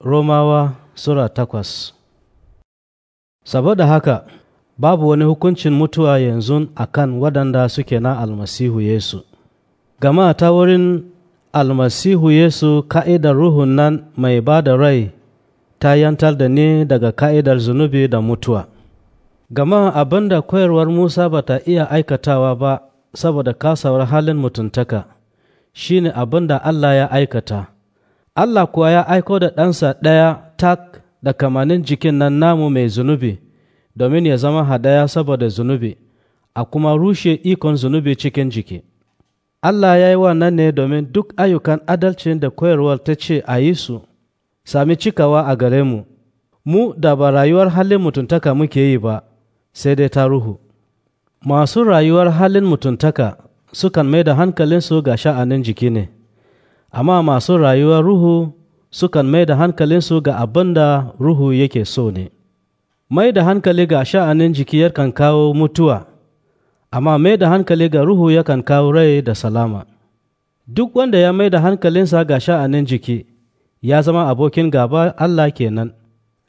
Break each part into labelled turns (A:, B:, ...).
A: Romawa Sura takwas Saboda haka, babu wani hukuncin mutuwa yanzu a kan waɗanda suke na almasihu Yesu, gama ta wurin almasihu Yesu ka'idar ruhun nan mai ba da rai ta yantar da ni daga ka'idar zunubi da mutuwa. Gama abin da koyarwar Musa ba ta iya aikatawa ba saboda kasawar halin mutuntaka, shi ne abin da Allah ya aikata. Allah kuwa ya aiko da ɗansa ɗaya tak da kamanin jikin nan namu mai zunubi domin ya zama hadaya saboda zunubi a kuma rushe ikon zunubi cikin jiki. Allah ya yi wannan ne domin duk ayyukan adalcin da koyarwar ta ce a yi su sami cikawa a gare mu, mu da ba rayuwar halin mutuntaka muke yi ba sai dai ta ruhu. Masu rayuwar halin mutuntaka sukan mai da hankalinsu ga sha'anin jiki ne. amma masu rayuwar ruhu sukan mai da hankalinsu ga abin da ruhu yake so ne mai da hankali ga sha'anin jiki yakan kawo mutuwa amma mai da hankali ga ruhu yakan kawo rai da salama duk wanda ya mai da hankalinsa ga sha'anin jiki ya zama abokin gaba Allah kenan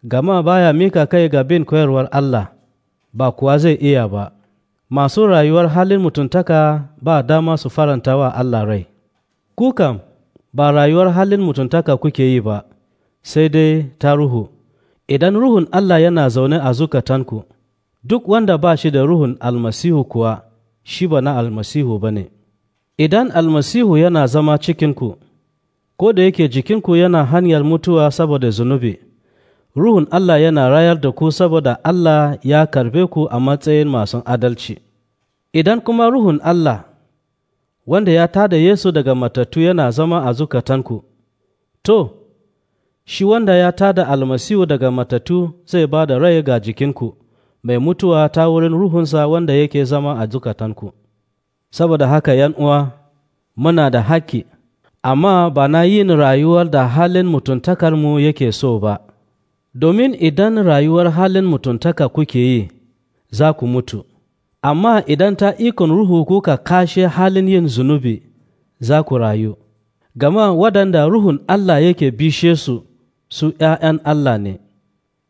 A: gama baya mika kai ga bin koyarwar Allah ba kuwa zai iya ba masu rayuwar halin mutuntaka ba dama su faranta wa Allah rai kukan ba rayuwar halin mutuntaka kuke yi ba, sai dai ta ruhu, idan ruhun Allah yana zaune a zukatanku, duk wanda ba shi da ruhun almasihu kuwa shi ba na almasihu ba ne. Idan almasihu yana zama cikinku, ko da yake jikinku yana hanyar mutuwa saboda zunubi, ruhun Allah yana rayar da ku saboda Allah ya karbe ku a matsayin masu adalci. Idan kuma ruhun Allah wanda ya tada Yesu daga matattu yana zama a zukatanku, to, shi wanda ya tada almasihu daga matattu zai ba da rai ga jikinku, mai mutuwa ta wurin ruhunsa wanda yake zama a zukatanku. Saboda haka yan uwa, muna da haƙƙi, amma ba na yin rayuwar da halin mutuntakarmu yake so ba, domin idan rayuwar halin mutuntaka kuke yi, za ku mutu. amma idan ta ikon ruhu kuka kashe halin yin zunubi za ku rayu gama waɗanda ruhun Allah yake bishe su su ’ya'yan Allah ne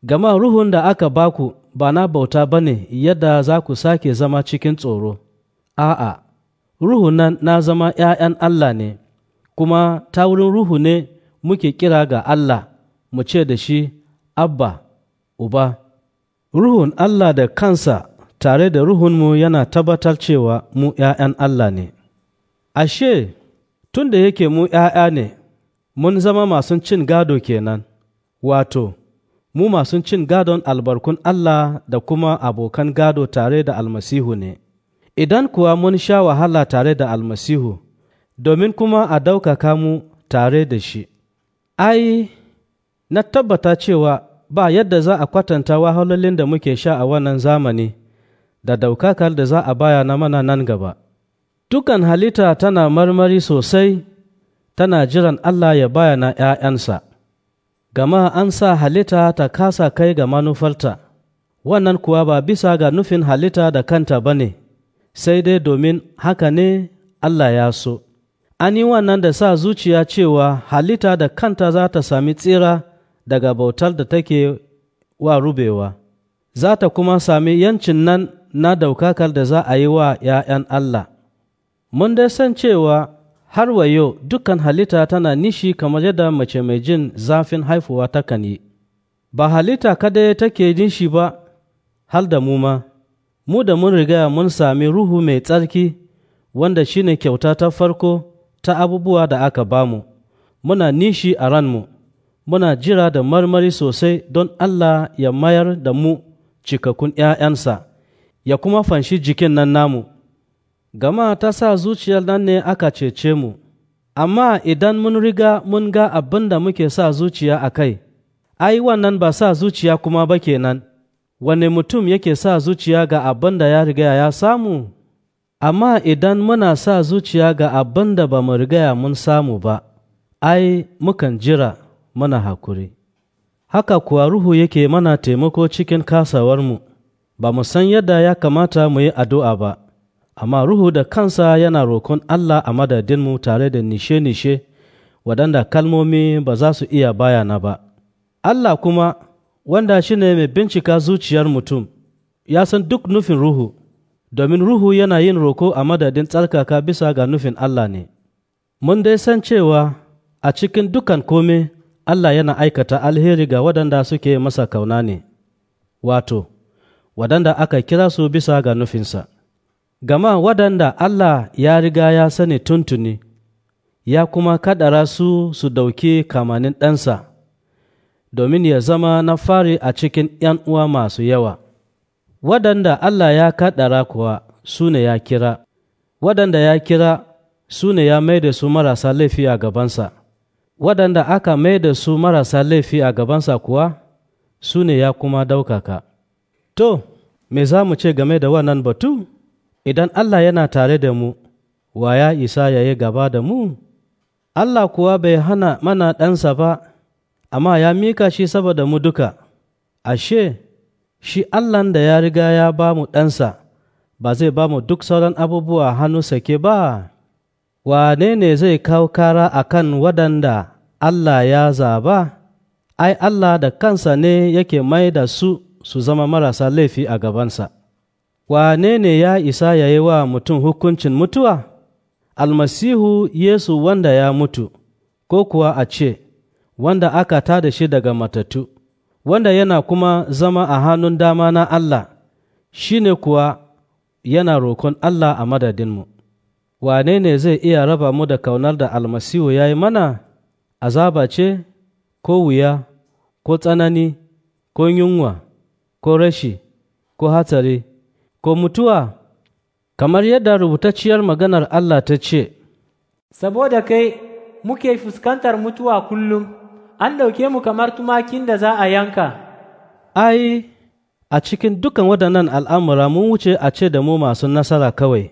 A: gama ruhun da aka baku ba na bauta ba ne yadda za ku sake zama cikin tsoro a'a ruhu nan na zama ’ya'yan Allah ne kuma ta wurin ruhu ne muke kira ga Allah mu ce da shi abba uba ruhun Allah da kansa tare da ruhunmu yana tabbatar cewa mu ’ya'yan Allah ne. Ashe, tun da yake mu ’ya'ya ne, mun zama masu cin gado kenan, wato, mu masu cin gadon albarkun Allah da kuma abokan gado tare da almasihu ne. Idan kuwa mun sha wahala tare da almasihu, domin kuma a ɗaukaka mu tare da shi. Ai, na tabbata cewa ba yadda za a kwatanta wahalolin da muke sha a wannan zamani. da daukakar da za a bayana mana nan gaba. Dukan halitta tana marmari sosai, tana jiran Allah ya bayana ‘ya'yansa, gama an sa halitta ta kasa kai ga manufarta, wannan kuwa ba bisa ga nufin halitta da kanta ba ne, sai dai domin haka ne Allah ya so. An yi wannan da sa zuciya cewa halitta da kanta za ta sami tsira daga bautar da take wa rubewa, za ta kuma sami yancin nan na daukakar da za a yi wa ‘ya'yan Allah. Mun dai san cewa har wa yau dukkan halitta tana nishi kamar yadda mace mai jin zafin haifuwa takan yi. Ba halitta kadai take nishi ba, har da mu ma, mu da mun riga mun sami ruhu mai tsarki wanda shi ne kyauta ta farko ta abubuwa da aka bamu. Muna nishi a ranmu, muna jira da marmari sosai don Allah ya mayar da mu cikakkun ‘ya'yansa. ya kuma fanshi jikin nan namu, gama ta sa zuciyar nan ne aka cece mu, amma idan mun riga mun ga abin da muke sa zuciya a kai, ai wannan ba sa zuciya kuma ba kenan, wane mutum yake sa zuciya ga abin da ya riga ya samu? Amma idan muna sa zuciya ga abin da ba mu riga mun samu ba, ai, mukan jira mana hakuri. Haka kuwa Ruhu yake mana taimako cikin kasawarmu. ba mu san yadda ya kamata mu yi addu'a ba, amma Ruhu da kansa yana roƙon Allah a madadinmu tare da nishe-nishe waɗanda kalmomi ba za su iya bayana ba. Allah kuma, wanda shi ne mai bincika zuciyar mutum, ya san duk nufin Ruhu, domin Ruhu yana yin roko a madadin tsarkaka bisa ga nufin Allah ne. Mun dai san cewa a cikin dukan komai Allah yana aikata alheri ga waɗanda suke masa kauna ne. Wato, waɗanda aka kira su bisa ga nufinsa gama waɗanda Allah ya riga ya sani tuntuni ya kuma kaɗara su su ɗauki kamanin ɗansa domin ya zama na fari a cikin ‘yan uwa masu yawa waɗanda Allah ya kaɗara kuwa su ne ya kira waɗanda ya kira su ne ya mai da su marasa laifi a gabansa waɗanda aka mai da su marasa laifi a gabansa kuwa su ne ya kuma ɗaukaka To, me za mu ce game da wannan batu? Idan Allah yana tare da mu, wa ya isa ya yi gaba da mu? Allah kuwa bai hana mana ɗansa ba, amma ya mika shi saboda mu duka. Ashe, shi Allahn da ya riga ya ba mu ɗansa, ba zai ba mu duk sauran abubuwa hannu sake ba. Wane ne zai kawo kara a kan waɗanda Allah ya zaba? Ai, Allah da kansa ne yake mai da su su zama marasa laifi a gabansa wane ne ya isa ya yi wa mutum hukuncin mutuwa almasihu yesu wanda ya mutu ko kuwa a ce wanda aka tada shi daga matattu wanda yana kuma zama a hannun dama na allah shi ne kuwa yana roƙon allah a madadinmu wane ne zai iya raba mu da kaunar da almasihu ya yi mana azaba ce ko wuya ko tsanani ko yunwa ko rashi ko hatsari ko mutuwa kamar yadda rubutacciyar maganar Allah ta ce saboda kai muke fuskantar mutuwa kullum an ɗauke mu kamar tumakin da za a yanka ai a cikin dukan waɗannan al'amura mun wuce a ce da mu masu nasara kawai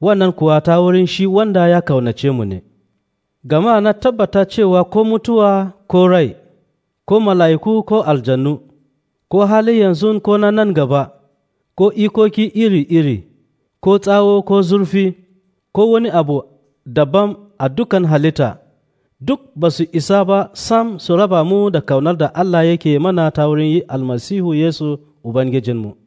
A: wannan kuwa ta wurin shi wanda ya kaunace mu ne gama na tabbata cewa ko mutuwa ko rai ko mala'iku ko aljannu ko halin yanzu ko na nan gaba, ko ikoki iri-iri, ko tsawo ko zurfi, ko wani abu daban a dukan halitta, duk ba su isa ba sam su raba mu da kaunar da Allah yake mana ta wurin yi almasihu Yesu Ubangijinmu.